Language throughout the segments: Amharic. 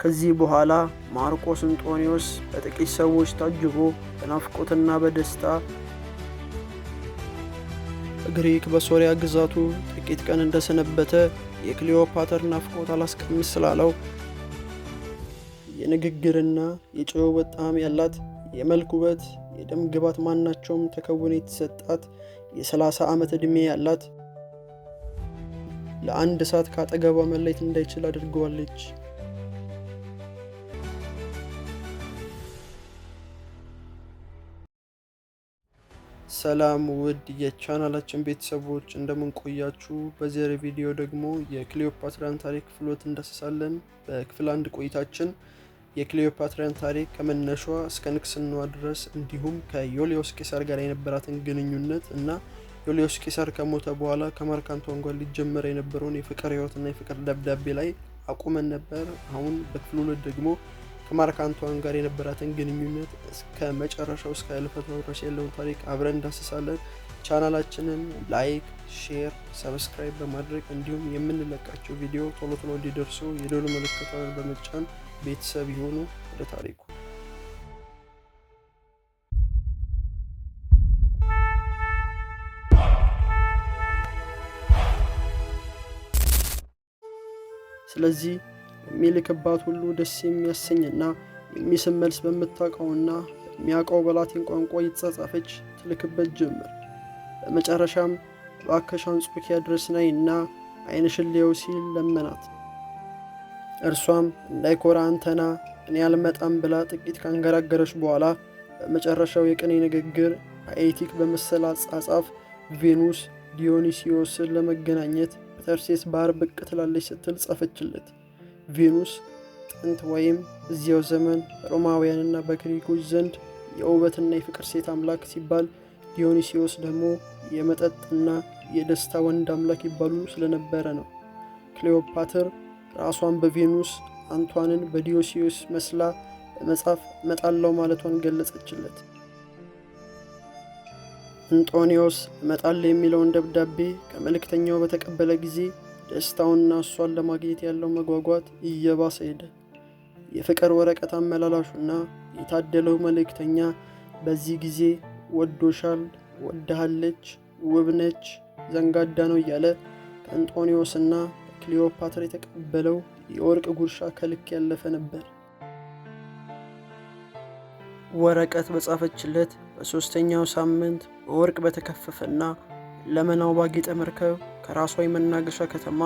ከዚህ በኋላ ማርቆስ እንጦኒዎስ በጥቂት ሰዎች ታጅቦ በናፍቆትና በደስታ ግሪክ በሶሪያ ግዛቱ ጥቂት ቀን እንደሰነበተ የክሊዮፓተር ናፍቆት አላስቀምስ ስላለው የንግግርና የጨው በጣም ያላት የመልክ ውበት የደም ግባት ማናቸውም ተከውን የተሰጣት የ30 ዓመት ዕድሜ ያላት ለአንድ ሰዓት ካጠገቧ መለየት እንዳይችል አድርገዋለች። ሰላም ውድ የቻናላችን ቤተሰቦች እንደምንቆያችሁ። በዚህ ቪዲዮ ደግሞ የክሊዮፓትራን ታሪክ ፍሎት እንዳስሳለን። በክፍል አንድ ቆይታችን የክሊዮፓትራን ታሪክ ከመነሿ እስከ ንግስናዋ ድረስ እንዲሁም ከዮልዮስ ቄሳር ጋር የነበራትን ግንኙነት እና ዮልዮስ ቄሳር ከሞተ በኋላ አንቶን ጋር ሊጀመር የነበረውን የፍቅር ህይወትና የፍቅር ደብዳቤ ላይ አቁመን ነበር። አሁን በክፍል ሁለት ደግሞ ከማርክ አንቷን ጋር የነበራትን ግንኙነት እስከ መጨረሻው እስከ እልፈት መድረስ ያለውን ታሪክ አብረን እንዳስሳለን። ቻናላችንን ላይክ፣ ሼር፣ ሰብስክራይብ በማድረግ እንዲሁም የምንለቃቸው ቪዲዮ ቶሎ ቶሎ እንዲደርሱ የደወል ምልክቷን በመጫን ቤተሰብ ይሆኑ። ወደ ታሪኩ ስለዚህ የሚልክባት ሁሉ ደስ የሚያሰኝና የሚስመልስ መልስ በምታውቀውና የሚያውቀው በላቲን ቋንቋ እየተጻጻፈች ትልክበት ጀምር። በመጨረሻም እባክሽ አንጾኪያ ድረስ ነይና ዓይንሽን ልየው ሲል ለመናት። እርሷም እንዳይኮራ አንተና እኔ አልመጣም ብላ ጥቂት ካንገራገረች በኋላ በመጨረሻው የቅኔ ንግግር አኤቲክ በመሰል አጻጻፍ ቬኑስ ዲዮኒሲዮስን ለመገናኘት በተርሴስ ባህር ብቅ ትላለች ስትል ጻፈችለት። ቬኑስ ጥንት ወይም እዚያው ዘመን ሮማውያንና በግሪኮች ዘንድ የውበትና የፍቅር ሴት አምላክ ሲባል ዲዮኒሲዮስ ደግሞ የመጠጥና የደስታ ወንድ አምላክ ይባሉ ስለነበረ ነው። ክሌዎፓትር ራሷን በቬኑስ አንቷንን በዲዮሲዮስ መስላ መጽሐፍ እመጣለሁ ማለቷን ገለጸችለት። እንጦኒዎስ እመጣለሁ የሚለውን ደብዳቤ ከመልእክተኛው በተቀበለ ጊዜ ደስታውና እሷን ለማግኘት ያለው መጓጓት እየባሰ ሄደ። የፍቅር ወረቀት አመላላሹና የታደለው መልእክተኛ በዚህ ጊዜ ወዶሻል፣ ወድሃለች፣ ውብነች፣ ዘንጋዳ ነው እያለ ከአንጦኒዎስና ከክሊዮፓትር የተቀበለው የወርቅ ጉርሻ ከልክ ያለፈ ነበር። ወረቀት በጻፈችለት በሦስተኛው ሳምንት በወርቅ በተከፈፈና ለመናው ባጌጠ መርከብ ከራሷ የመናገሻ ከተማ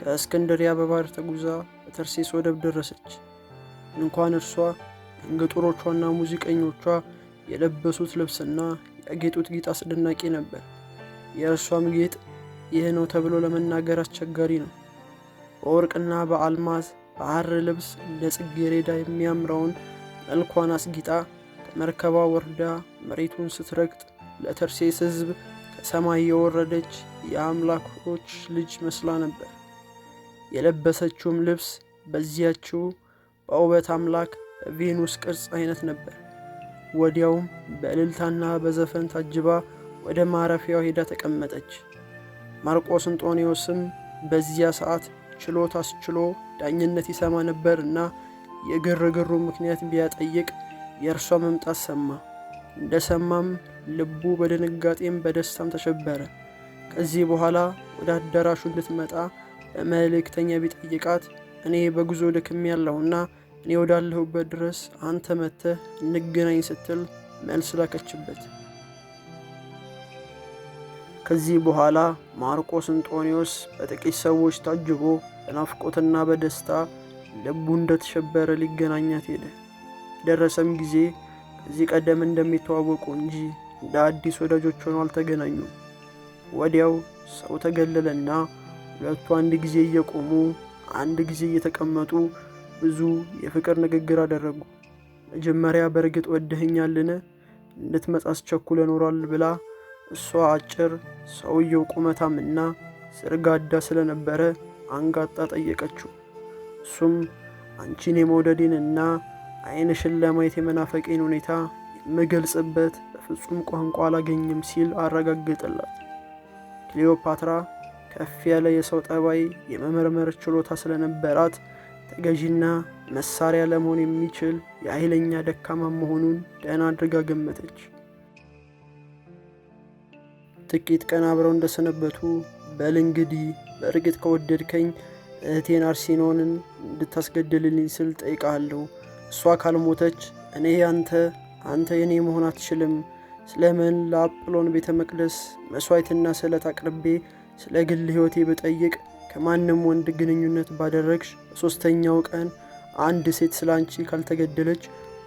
ከእስክንድሪያ በባህር ተጉዛ በተርሴስ ወደብ ደረሰች። እንኳን እርሷ እንግጦሮቿና ሙዚቀኞቿ የለበሱት ልብስና ያጌጡት ጌጥ አስደናቂ ነበር። የእርሷም ጌጥ ይህ ነው ተብሎ ለመናገር አስቸጋሪ ነው። በወርቅና በአልማዝ በሐር ልብስ እንደ ጽጌረዳ የሚያምረውን መልኳን አስጊጣ ከመርከቧ ወርዳ መሬቱን ስትረግጥ ለተርሴስ ሕዝብ ከሰማይ የወረደች የአምላኮች ልጅ መስላ ነበር። የለበሰችውም ልብስ በዚያችው በውበት አምላክ ቬኑስ ቅርጽ አይነት ነበር። ወዲያውም በእልልታና በዘፈን ታጅባ ወደ ማረፊያው ሄዳ ተቀመጠች። ማርቆስ እንጦኔዎስም በዚያ ሰዓት ችሎት አስችሎ ዳኝነት ይሰማ ነበር እና የግርግሩ ምክንያት ቢያጠይቅ የእርሷ መምጣት ሰማ። እንደሰማም ልቡ በድንጋጤም በደስታም ተሸበረ። ከዚህ በኋላ ወደ አዳራሹ እንድትመጣ በመልእክተኛ ቢጠይቃት እኔ በጉዞ ልክም ያለውና እኔ ወዳለሁበት ድረስ አንተ መጥተህ እንገናኝ ስትል መልስ ላከችበት። ከዚህ በኋላ ማርቆስ እንጦኒዎስ በጥቂት ሰዎች ታጅቦ በናፍቆትና በደስታ ልቡ እንደተሸበረ ሊገናኛት ሄደ። ደረሰም ጊዜ እዚህ ቀደም እንደሚተዋወቁ እንጂ እንደ አዲስ ወዳጆች ሆነው አልተገናኙም። ወዲያው ሰው ተገለለና ሁለቱ አንድ ጊዜ እየቆሙ አንድ ጊዜ እየተቀመጡ ብዙ የፍቅር ንግግር አደረጉ። መጀመሪያ በእርግጥ ወደኸኛልን እንድትመጣ አስቸኩለ ኖሯል ብላ እሷ አጭር፣ ሰውየው ቁመታምና ስርጋዳ ስለነበረ አንጋጣ ጠየቀችው። እሱም አንቺን እና! ዓይንሽን ለማየት የመናፈቄን ሁኔታ የምገልጽበት በፍጹም ቋንቋ አላገኝም ሲል አረጋግጥላት። ክሊዮፓትራ ከፍ ያለ የሰው ጠባይ የመመርመር ችሎታ ስለነበራት ተገዢና መሳሪያ ለመሆን የሚችል የኃይለኛ ደካማ መሆኑን ደህና አድርጋ ገመተች። ጥቂት ቀን አብረው እንደሰነበቱ በል እንግዲህ በእርግጥ ከወደድከኝ እህቴን አርሲኖንን እንድታስገድልልኝ ስል ጠይቃለሁ እሷ ካልሞተች እኔ ያንተ አንተ የኔ መሆን አትችልም። ስለምን ለአጵሎን ቤተ መቅደስ መሥዋዕትና ስዕለት አቅርቤ ስለ ግል ሕይወቴ ብጠይቅ ከማንም ወንድ ግንኙነት ባደረግሽ በሦስተኛው ቀን አንድ ሴት ስለ አንቺ ካልተገደለች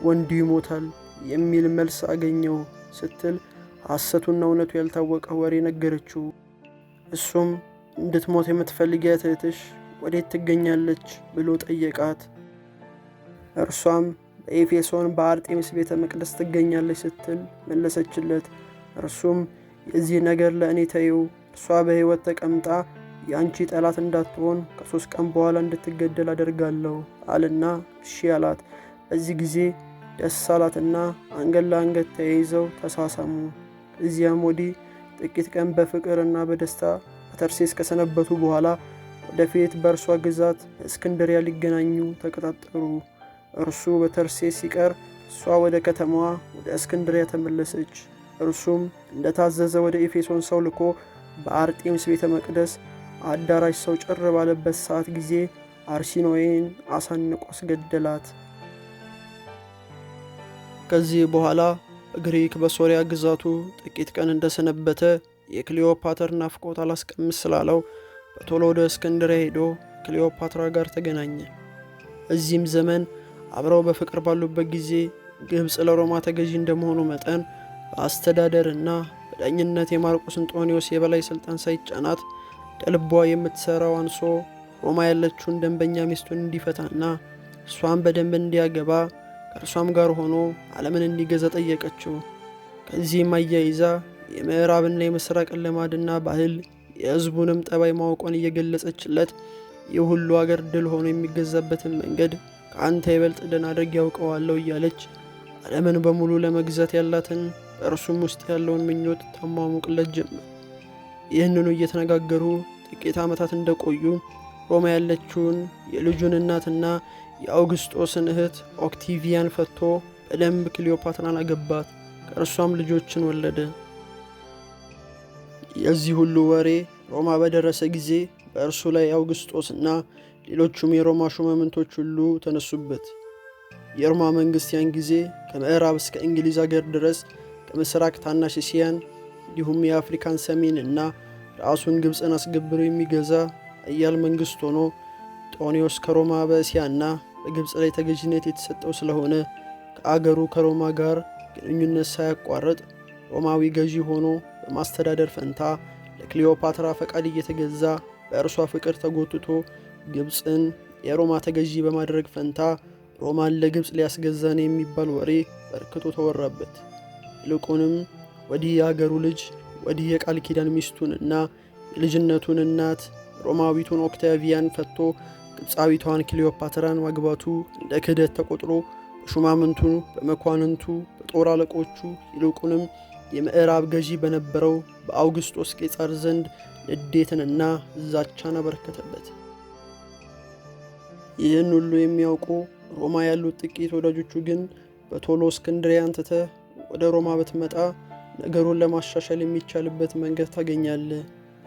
ወንዱ ይሞታል የሚል መልስ አገኘው ስትል ሐሰቱና እውነቱ ያልታወቀ ወሬ ነገረችው። እሱም እንድትሞት የምትፈልጊያት እህትሽ ወዴት ትገኛለች ብሎ ጠየቃት። እርሷም በኤፌሶን በአርጤምስ ቤተ መቅደስ ትገኛለች ስትል መለሰችለት። እርሱም የዚህ ነገር ለእኔ ተይው፣ እርሷ በሕይወት ተቀምጣ የአንቺ ጠላት እንዳትሆን ከሶስት ቀን በኋላ እንድትገደል አደርጋለሁ አልና እሺ አላት። በዚህ ጊዜ ደስ አላትና አንገት ለአንገት ተያይዘው ተሳሳሙ። እዚያም ወዲህ ጥቂት ቀን በፍቅርና በደስታ በተርሴስ ከሰነበቱ በኋላ ወደፊት በእርሷ ግዛት በእስክንድሪያ ሊገናኙ ተቀጣጠሩ። እርሱ በተርሴስ ሲቀር እሷ ወደ ከተማዋ ወደ እስክንድሪያ ተመለሰች። እርሱም እንደታዘዘ ወደ ኤፌሶን ሰው ልኮ በአርጤምስ ቤተ መቅደስ አዳራሽ ሰው ጭር ባለበት ሰዓት ጊዜ አርሲኖዌን አሳንቆ አስገደላት። ከዚህ በኋላ ግሪክ በሶሪያ ግዛቱ ጥቂት ቀን እንደሰነበተ የክሊዮፓትር ናፍቆት አላስቀምስ ስላለው በቶሎ ወደ እስክንድሪያ ሄዶ ክሊዮፓትራ ጋር ተገናኘ። እዚህም ዘመን አብረው በፍቅር ባሉበት ጊዜ ግብፅ ለሮማ ተገዢ እንደመሆኑ መጠን በአስተዳደርና በዳኝነት የማርቆስ እንጦኒዎስ የበላይ ስልጣን ሳይጫናት ልቧ የምትሰራው አንሶ ሮማ ያለችውን ደንበኛ ሚስቱን እንዲፈታና እሷን በደንብ እንዲያገባ ከእርሷም ጋር ሆኖ ዓለምን እንዲገዛ ጠየቀችው። ከዚህም አያይዛ የምዕራብና የምስራቅን ልማድና ባህል የህዝቡንም ጠባይ ማወቋን እየገለጸችለት ይህ ሁሉ አገር ድል ሆኖ የሚገዛበትን መንገድ ከአንተ ይበልጥ እንድናደርግ ያውቀዋለሁ እያለች ዓለምን በሙሉ ለመግዛት ያላትን በእርሱም ውስጥ ያለውን ምኞት ታሟሙቅለት ጀመር። ይህንኑ እየተነጋገሩ ጥቂት ዓመታት እንደቆዩ ሮማ ያለችውን የልጁን እናትና የአውግስጦስን እህት ኦክቲቪያን ፈቶ በደንብ ክሊዮፓትራን አገባት። ከእርሷም ልጆችን ወለደ። የዚህ ሁሉ ወሬ ሮማ በደረሰ ጊዜ በእርሱ ላይ አውግስጦስና ሌሎቹም የሮማ ሹማምንቶች ሁሉ ተነሱበት። የሮማ መንግሥት ያን ጊዜ ከምዕራብ እስከ እንግሊዝ አገር ድረስ ከምሥራቅ ታናሽ እስያን እንዲሁም የአፍሪካን ሰሜን እና ራሱን ግብፅን አስገብሮ የሚገዛ አያል መንግሥት ሆኖ ጦኒዎስ ከሮማ በእስያ እና በግብፅ ላይ ተገዥነት የተሰጠው ስለሆነ ከአገሩ ከሮማ ጋር ግንኙነት ሳያቋርጥ ሮማዊ ገዢ ሆኖ በማስተዳደር ፈንታ ለክሊዮፓትራ ፈቃድ እየተገዛ በእርሷ ፍቅር ተጎትቶ ግብፅን የሮማ ተገዢ በማድረግ ፈንታ ሮማን ለግብፅ ሊያስገዛን የሚባል ወሬ በርክቶ ተወራበት። ይልቁንም ወዲህ የአገሩ ልጅ ወዲህ የቃል ኪዳን ሚስቱንና የልጅነቱን እናት ሮማዊቱን ኦክታቪያን ፈቶ ግብፃዊቷን ክሊዮፓትራን ማግባቱ እንደ ክህደት ተቆጥሮ በሹማምንቱ፣ በመኳንንቱ፣ በጦር አለቆቹ ይልቁንም የምዕራብ ገዢ በነበረው በአውግስጦስ ቄጻር ዘንድ ንዴትንና ዛቻን አበረከተበት። ይህን ሁሉ የሚያውቁ ሮማ ያሉት ጥቂት ወዳጆቹ ግን በቶሎ እስክንድሪያን ትተህ ወደ ሮማ ብትመጣ ነገሩን ለማሻሻል የሚቻልበት መንገድ ታገኛለህ።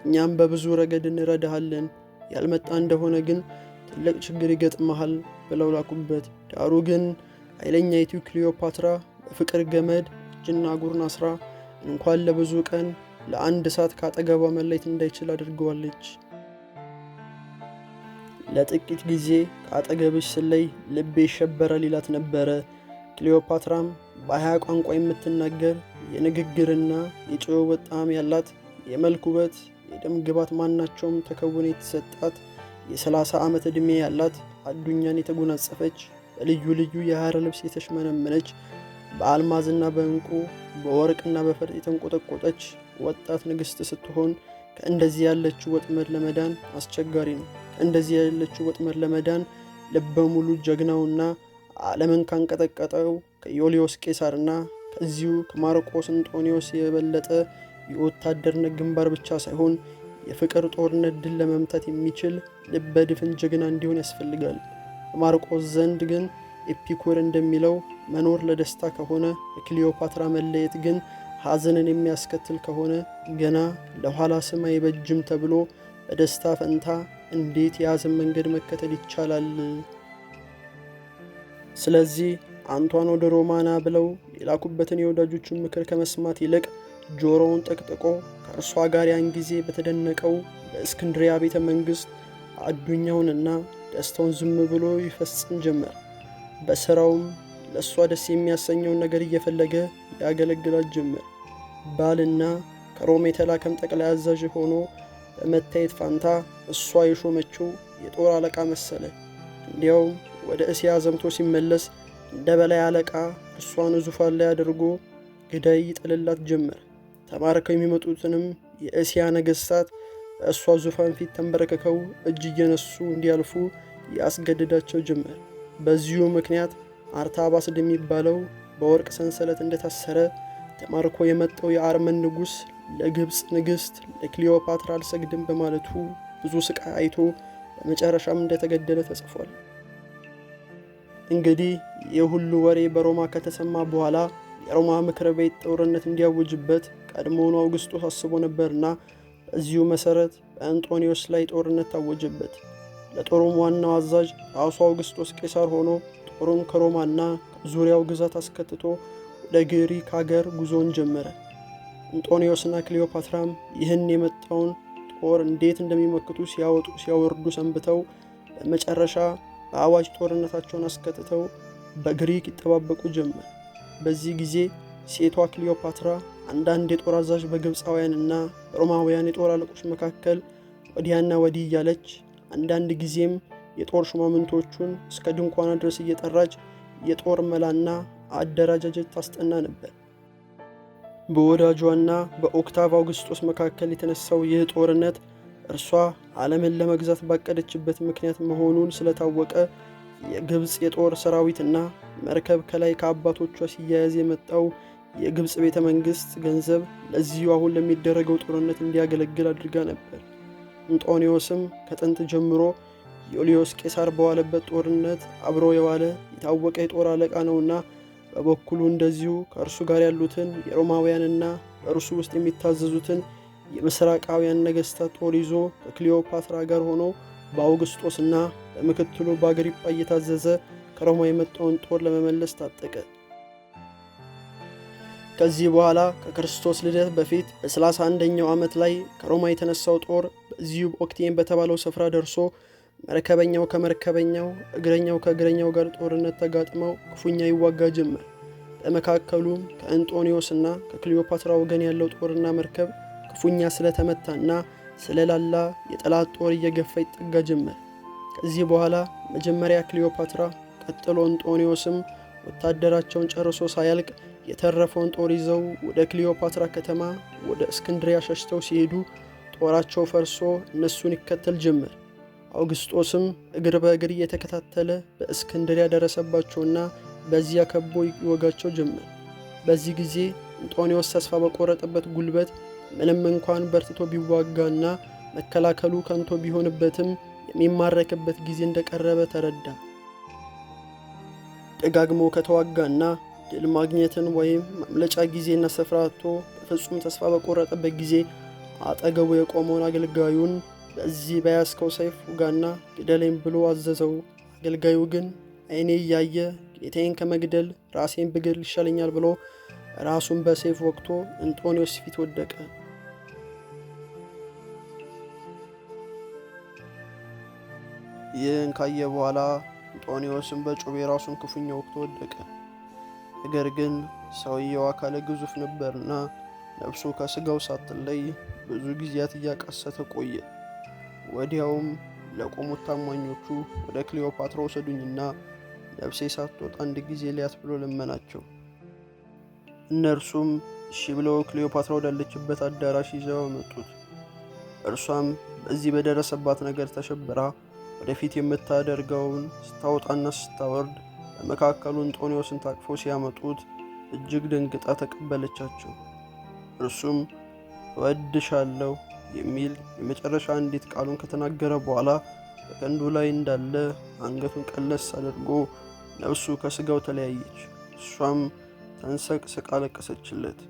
እኛም በብዙ ረገድ እንረዳሃለን። ያልመጣ እንደሆነ ግን ትልቅ ችግር ይገጥመሃል ብለው ላኩበት። ዳሩ ግን ኃይለኛይቱ ክሊዮፓትራ በፍቅር ገመድ እጅና እግሩን አስራ እንኳን ለብዙ ቀን ለአንድ ሰዓት ከአጠገቧ መለየት እንዳይችል አድርገዋለች። ለጥቂት ጊዜ ከአጠገብሽ ስለይ ልቤ የሸበረ ሊላት ነበረ። ክሊዮፓትራም በሀያ ቋንቋ የምትናገር የንግግርና የጭውውት ጣዕም ያላት የመልክ ውበት የደም ግባት ማናቸውም ተከውን የተሰጣት የ30 ዓመት ዕድሜ ያላት አዱኛን የተጎናጸፈች በልዩ ልዩ የሐር ልብስ የተሽመነመነች በአልማዝና በእንቁ በወርቅና በፈርጥ የተንቆጠቆጠች ወጣት ንግሥት ስትሆን ከእንደዚህ ያለችው ወጥመድ ለመዳን አስቸጋሪ ነው። እንደዚህ ያለችው ወጥመድ ለመዳን ልበ ጀግናውና ዓለምን ካንቀጠቀጠው ከዮልዮስ ቄሳርና ከዚሁ ከማርቆስ አንጦኒዎስ የበለጠ የወታደርነት ግንባር ብቻ ሳይሆን የፍቅር ጦርነት ድል ለመምታት የሚችል ልበ ድፍን ጀግና እንዲሆን ያስፈልጋል። በማርቆስ ዘንድ ግን ኤፒኩር እንደሚለው መኖር ለደስታ ከሆነ የክሊዮፓትራ መለየት ግን ሐዘንን የሚያስከትል ከሆነ ገና ለኋላ ስም አይበጅም ተብሎ በደስታ ፈንታ እንዴት የያዘን መንገድ መከተል ይቻላል? ስለዚህ አንቷን ወደ ሮማና ብለው የላኩበትን የወዳጆቹን ምክር ከመስማት ይልቅ ጆሮውን ጠቅጥቆ ከእርሷ ጋር ያን ጊዜ በተደነቀው በእስክንድሪያ ቤተ መንግሥት አዱኛውንና ደስታውን ዝም ብሎ ይፈጽም ጀመር። በሥራውም ለእሷ ደስ የሚያሰኘውን ነገር እየፈለገ ያገለግላት ጀመር። ባልና ከሮም የተላከም ጠቅላይ አዛዥ ሆኖ በመታየት ፋንታ እሷ የሾመችው የጦር አለቃ መሰለ። እንዲያውም ወደ እስያ ዘምቶ ሲመለስ እንደ በላይ አለቃ እሷን ዙፋን ላይ አድርጎ ግዳይ ይጥልላት ጀመር። ተማርከው የሚመጡትንም የእስያ ነገሥታት በእሷ ዙፋን ፊት ተንበረከከው እጅ እየነሱ እንዲያልፉ ያስገድዳቸው ጀመር። በዚሁ ምክንያት አርታባስድ የሚባለው በወርቅ ሰንሰለት እንደታሰረ ተማርኮ የመጣው የአርመን ንጉሥ ለግብፅ ንግሥት ለክሊዮፓትራ አልሰግድም በማለቱ ብዙ ስቃይ አይቶ በመጨረሻም እንደተገደለ ተጽፏል። እንግዲህ ይህ ሁሉ ወሬ በሮማ ከተሰማ በኋላ የሮማ ምክረ ቤት ጦርነት እንዲያውጅበት ቀድሞውኑ አውግስጦስ አስቦ ነበርና በዚሁ መሰረት በአንጦኒዎስ ላይ ጦርነት ታወጀበት። ለጦሩም ዋናው አዛዥ ራሱ አውግስጦስ ቄሳር ሆኖ ጦሩን ከሮማና ከዙሪያው ግዛት አስከትቶ ለግሪክ አገር ጉዞውን ጀመረ። እንጦኒዮስና ክሊዮፓትራም ይህን የመጣውን ጦር እንዴት እንደሚመክቱ ሲያወጡ ሲያወርዱ ሰንብተው በመጨረሻ በአዋጅ ጦርነታቸውን አስከትተው በግሪክ ይጠባበቁ ጀመር። በዚህ ጊዜ ሴቷ ክሊዮፓትራ አንዳንድ የጦር አዛዥ በግብፃውያንና ሮማውያን የጦር አለቆች መካከል ወዲያና ወዲህ እያለች አንዳንድ ጊዜም የጦር ሹማምንቶቹን እስከ ድንኳና ድረስ እየጠራች የጦር መላና አደረጃጀት ታስጠና ነበር። በወዳጇና በኦክታቭ አውግስጦስ መካከል የተነሳው ይህ ጦርነት እርሷ ዓለምን ለመግዛት ባቀደችበት ምክንያት መሆኑን ስለታወቀ የግብፅ የጦር ሰራዊትና መርከብ ከላይ ከአባቶቿ ሲያያዝ የመጣው የግብፅ ቤተ መንግስት ገንዘብ ለዚሁ አሁን ለሚደረገው ጦርነት እንዲያገለግል አድርጋ ነበር። እንጦኒዎስም ከጥንት ጀምሮ ዮልዮስ ቄሳር በዋለበት ጦርነት አብሮ የዋለ የታወቀ የጦር አለቃ ነውና በበኩሉ እንደዚሁ ከእርሱ ጋር ያሉትን የሮማውያንና በእርሱ ውስጥ የሚታዘዙትን የምስራቃውያን ነገሥታት ጦር ይዞ ከክሊዮፓትራ ጋር ሆኖ በአውግስጦስና በምክትሉ በአግሪጳ እየታዘዘ ከሮማ የመጣውን ጦር ለመመለስ ታጠቀ። ከዚህ በኋላ ከክርስቶስ ልደት በፊት በ31ኛው ዓመት ላይ ከሮማ የተነሳው ጦር በዚሁ ኦክቴን በተባለው ስፍራ ደርሶ መርከበኛው ከመርከበኛው እግረኛው ከእግረኛው ጋር ጦርነት ተጋጥመው ክፉኛ ይዋጋ ጀመር። በመካከሉም ከእንጦኒዮስና ከክሊዮፓትራ ወገን ያለው ጦርና መርከብ ክፉኛ ስለተመታና ስለላላ የጠላት ጦር እየገፋ ይጠጋ ጀመር። ከዚህ በኋላ መጀመሪያ ክሊዮፓትራ፣ ቀጥሎ አንጦኒዮስም ወታደራቸውን ጨርሶ ሳያልቅ የተረፈውን ጦር ይዘው ወደ ክሊዮፓትራ ከተማ ወደ እስክንድሪያ ሸሽተው ሲሄዱ ጦራቸው ፈርሶ እነሱን ይከተል ጀመር። አውግስጦስም እግር በእግር እየተከታተለ በእስክንድሪያ ደረሰባቸውና በዚያ ከቦ ይወጋቸው ጀመር። በዚህ ጊዜ እንጦንዮስ ተስፋ በቆረጠበት ጉልበት ምንም እንኳን በርትቶ ቢዋጋና መከላከሉ ከንቶ ቢሆንበትም የሚማረክበት ጊዜ እንደቀረበ ተረዳ። ደጋግሞ ከተዋጋና ድል ማግኘትን ወይም ማምለጫ ጊዜና ስፍራ አጥቶ በፍጹም ተስፋ በቆረጠበት ጊዜ አጠገቡ የቆመውን አገልጋዩን በዚህ በያዝከው ሰይፍ ውጋና ግደለኝ ብሎ አዘዘው። አገልጋዩ ግን አይኔ እያየ ጌታዬን ከመግደል ራሴን ብግል ይሻለኛል ብሎ ራሱን በሰይፍ ወቅቶ እንጦንዮስ ፊት ወደቀ። ይህን ካየ በኋላ እንጦኒዎስን በጩቤ ራሱን ክፉኛ ወቅቶ ወደቀ። ነገር ግን ሰውየው አካለ ግዙፍ ነበርና ነፍሱ ከስጋው ሳትለይ ብዙ ጊዜያት እያቀሰተ ቆየ። ወዲያውም ለቆሙት ታማኞቹ ወደ ክሊዮፓትራ ወሰዱኝና ነፍሴ ሳትወጣ አንድ ጊዜ ሊያት ብሎ ለመናቸው። እነርሱም እሺ ብለው ክሊዮፓትራ ወዳለችበት አዳራሽ ይዘው መጡት። እርሷም በዚህ በደረሰባት ነገር ተሸብራ ወደፊት የምታደርገውን ስታወጣና ስታወርድ በመካከሉ እንጦኒዎስን ታቅፎ ሲያመጡት እጅግ ደንግጣ ተቀበለቻቸው። እርሱም እወድሻለሁ የሚል የመጨረሻ አንዲት ቃሉን ከተናገረ በኋላ በቀንዱ ላይ እንዳለ አንገቱን ቀለስ አድርጎ ነፍሱ ከስጋው ተለያየች። እሷም ተንሰቅስቃ ለቀሰችለት።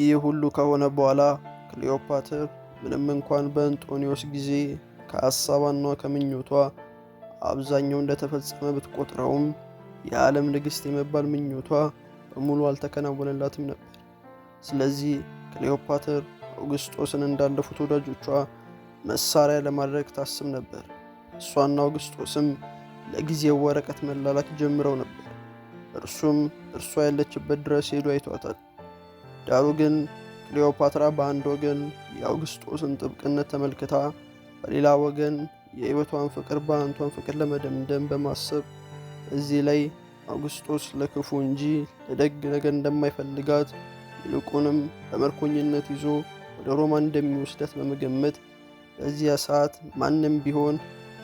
ይህ ሁሉ ከሆነ በኋላ ክሊዮፓትር ምንም እንኳን በእንጦኒዎስ ጊዜ ከሀሳቧና ከምኞቷ አብዛኛው እንደተፈጸመ ብትቆጥረውም የዓለም ንግሥት የመባል ምኞቷ በሙሉ አልተከናወነላትም ነበር። ስለዚህ ክሊዮፓትር አውግስጦስን እንዳለፉት ወዳጆቿ መሳሪያ ለማድረግ ታስብ ነበር። እሷና አውግስጦስም ለጊዜው ወረቀት መላላክ ጀምረው ነበር። እርሱም እርሷ ያለችበት ድረስ ሄዱ አይቷታል። ዳሩ ግን ክሊዮፓትራ በአንድ ወገን የአውግስጦስን ጥብቅነት ተመልክታ፣ በሌላ ወገን የህይወቷን ፍቅር በአንቷን ፍቅር ለመደምደም በማሰብ እዚህ ላይ አውግስጦስ ለክፉ እንጂ ለደግ ነገር እንደማይፈልጋት ይልቁንም በምርኮኝነት ይዞ ወደ ሮማ እንደሚወስዳት በመገመት በዚያ ሰዓት ማንም ቢሆን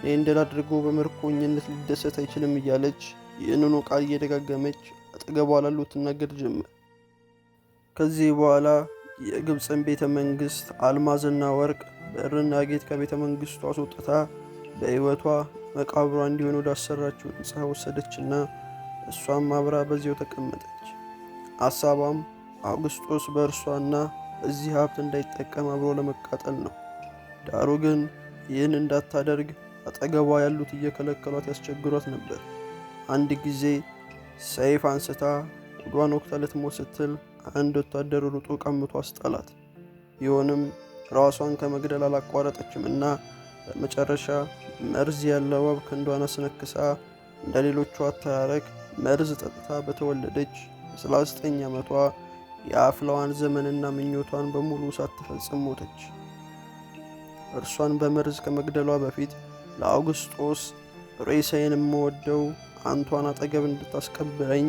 ለእንደል አድርጎ በምርኮኝነት ሊደሰት አይችልም እያለች ይህንኑ ቃል እየደጋገመች አጠገቧ ላሉ ትናገር ጀመር። ከዚህ በኋላ የግብፅን ቤተ መንግስት አልማዝና ወርቅ በርና ጌት ከቤተ መንግስቱ አስወጥታ በህይወቷ መቃብሯ እንዲሆን ወዳሰራችው ወሰደች ወሰደችና እሷም አብራ በዚያው ተቀመጠች። አሳቧም አውግስጦስ በእርሷና እዚህ ሀብት እንዳይጠቀም አብሮ ለመቃጠል ነው። ዳሩ ግን ይህን እንዳታደርግ አጠገቧ ያሉት እየከለከሏት ያስቸግሯት ነበር። አንድ ጊዜ ሰይፍ አንስታ ሆዷን ወቅታ ልትሞት ስትል አንድ ወታደር ሩጦ ቀምቶ አስጣላት። ቢሆንም ራሷን ከመግደል አላቋረጠችም እና በመጨረሻ መርዝ ያለው እባብ ክንዷን አስነክሳ እንደ ሌሎቹ አተራረቅ መርዝ ጠጥታ በተወለደች በ39 ዓመቷ የአፍላዋን ዘመንና ምኞቷን በሙሉ ሳትፈጽም ሞተች። እርሷን በመርዝ ከመግደሏ በፊት ለአውግስጦስ ሬሳዬን የምወደው አንቷን አጠገብ እንድታስቀብረኝ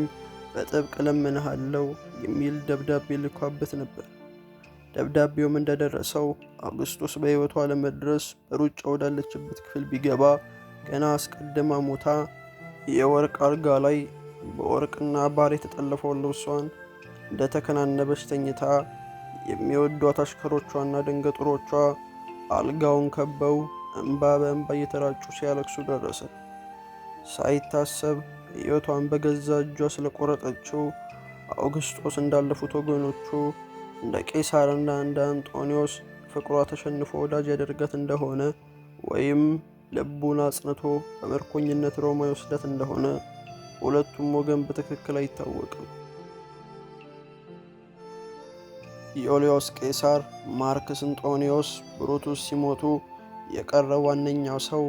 በጥብቅ ለምንሃለው የሚል ደብዳቤ ልኳበት ነበር። ደብዳቤውም እንደደረሰው አውግስጦስ በሕይወቷ ለመድረስ በሩጫ ወዳለችበት ክፍል ቢገባ ገና አስቀድማ ሞታ የወርቅ አልጋ ላይ በወርቅና ባር የተጠለፈው ልብሷን እንደተከናነበች ተኝታ የሚወዷት አሽከሮቿና ደንገጥሮቿ አልጋውን ከበው እንባ በእንባ እየተራጩ ሲያለቅሱ ደረሰ። ሳይታሰብ ሕይወቷን በገዛ እጇ ስለቆረጠችው አውግስጦስ እንዳለፉት ወገኖቹ እንደ ቄሳርና እንደ አንጦኒዎስ ፍቅሯ ተሸንፎ ወዳጅ ያደርጋት እንደሆነ ወይም ልቡን አጽንቶ በምርኮኝነት ሮማ ይወስዳት እንደሆነ ሁለቱም ወገን በትክክል አይታወቅም። ዮልዮስ ቄሳር፣ ማርክስ እንጦኒዮስ፣ ብሩቱስ ሲሞቱ የቀረ ዋነኛው ሰው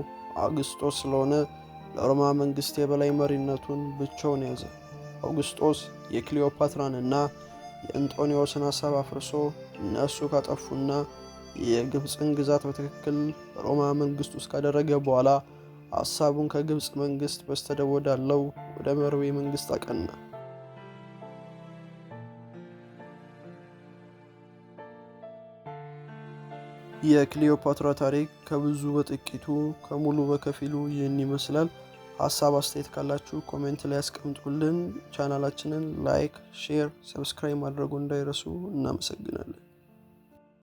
አውግስጦስ ስለሆነ ለሮማ መንግስት የበላይ መሪነቱን ብቻውን ያዘ። አውግስጦስ የክሊዮፓትራንና የእንጦኒዮስን ሀሳብ አፍርሶ እነሱ ካጠፉና የግብፅን ግዛት በትክክል ሮማ መንግሥት ውስጥ ካደረገ በኋላ ሀሳቡን ከግብፅ መንግስት በስተደቡብ ወዳለው ወደ መርዌ መንግሥት አቀና። የክሊዮፓትራ ታሪክ ከብዙ በጥቂቱ ከሙሉ በከፊሉ ይህን ይመስላል። ሀሳብ አስተያየት ካላችሁ ኮሜንት ላይ ያስቀምጡልን። ቻናላችንን ላይክ፣ ሼር፣ ሰብስክራይብ ማድረጉ እንዳይረሱ። እናመሰግናለን።